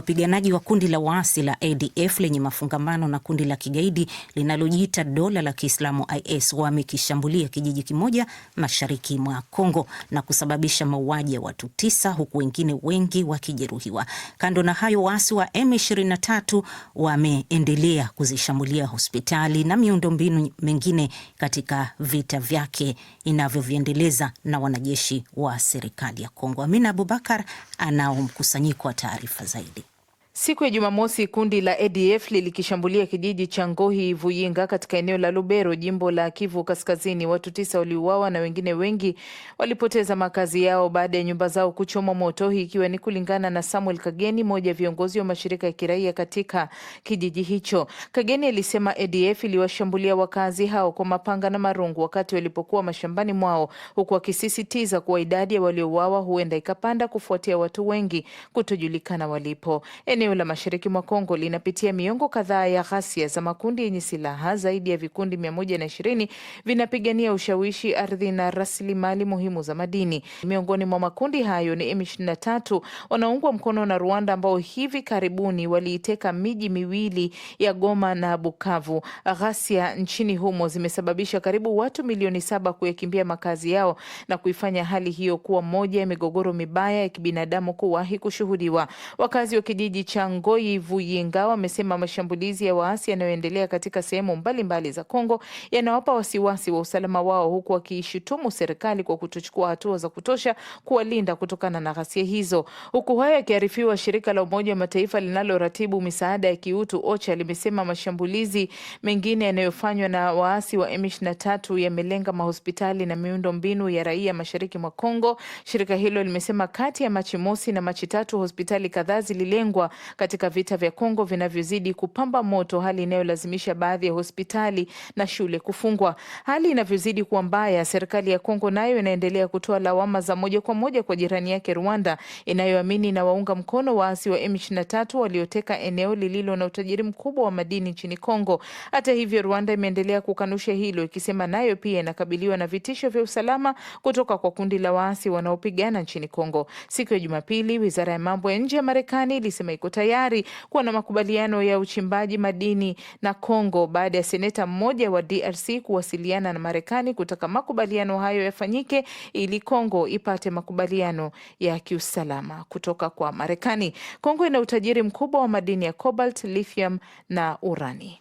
Wapiganaji wa kundi la waasi la ADF lenye mafungamano na kundi la kigaidi linalojiita dola la Kiislamu IS wamekishambulia kijiji kimoja mashariki mwa Kongo na kusababisha mauaji ya watu tisa huku wengine wengi wakijeruhiwa. Kando na hayo, waasi wa M23 wameendelea kuzishambulia hospitali na miundombinu mengine katika vita vyake inavyoviendeleza na wanajeshi wa serikali ya Kongo. Amina Abubakar anao mkusanyiko wa taarifa zaidi. Siku ya Jumamosi kundi la ADF lilikishambulia kijiji cha Ngohi Vuyinga katika eneo la Lubero, jimbo la Kivu Kaskazini. Watu tisa waliuawa na wengine wengi walipoteza makazi yao baada ya nyumba zao kuchoma moto, hii ikiwa ni kulingana na Samuel Kageni, mmoja ya viongozi wa mashirika ya kiraia katika kijiji hicho. Kageni alisema ADF iliwashambulia wakazi hao kwa mapanga na marungu wakati walipokuwa mashambani mwao, huku akisisitiza kuwa idadi ya waliouawa huenda ikapanda kufuatia watu wengi kutojulikana walipo. Eneo la mashariki mwa Kongo linapitia miongo kadhaa ya ghasia za makundi yenye silaha. Zaidi ya vikundi 120 vinapigania ushawishi, ardhi na rasilimali muhimu za madini. Miongoni mwa makundi hayo ni M23 wanaoungwa mkono na Rwanda, ambao hivi karibuni waliiteka miji miwili ya Goma na Bukavu. Ghasia nchini humo zimesababisha karibu watu milioni saba kuyakimbia makazi yao na kuifanya hali hiyo kuwa moja ya migogoro mibaya ya kibinadamu kuwahi kushuhudiwa. Wakazi wa kijiji Changoi Vuyinga wamesema mashambulizi ya waasi yanayoendelea katika sehemu mbalimbali za Kongo yanawapa wasiwasi wa usalama wao, huku akiishutumu serikali kwa kutochukua hatua za kutosha kuwalinda kutokana na ghasia hizo. Huku hayo yakiarifiwa, shirika la Umoja wa Mataifa linaloratibu misaada ya kiutu OCHA limesema mashambulizi mengine yanayofanywa na waasi wa M23 yamelenga mahospitali na miundo mbinu ya raia mashariki mwa Kongo. Shirika hilo limesema kati ya Machi mosi na Machi tatu hospitali kadhaa zililengwa katika vita vya Kongo vinavyozidi kupamba moto, hali inayolazimisha baadhi ya hospitali na shule kufungwa. Hali inavyozidi kuwa mbaya, serikali ya Kongo nayo inaendelea kutoa lawama za moja kwa moja kwa jirani yake Rwanda inayoamini na waunga mkono waasi wa M23 walioteka eneo lililo na utajiri mkubwa wa madini nchini Kongo. Hata hivyo, Rwanda imeendelea kukanusha hilo ikisema nayo pia inakabiliwa na vitisho vya usalama kutoka kwa kundi la waasi wanaopigana nchini Kongo. Siku ya Jumapili, wizara ya mambo ya nje ya Marekani ilisema iko tayari kuwa na makubaliano ya uchimbaji madini na Kongo baada ya seneta mmoja wa DRC kuwasiliana na Marekani kutaka makubaliano hayo yafanyike ili Kongo ipate makubaliano ya kiusalama kutoka kwa Marekani. Kongo ina utajiri mkubwa wa madini ya cobalt, lithium na urani.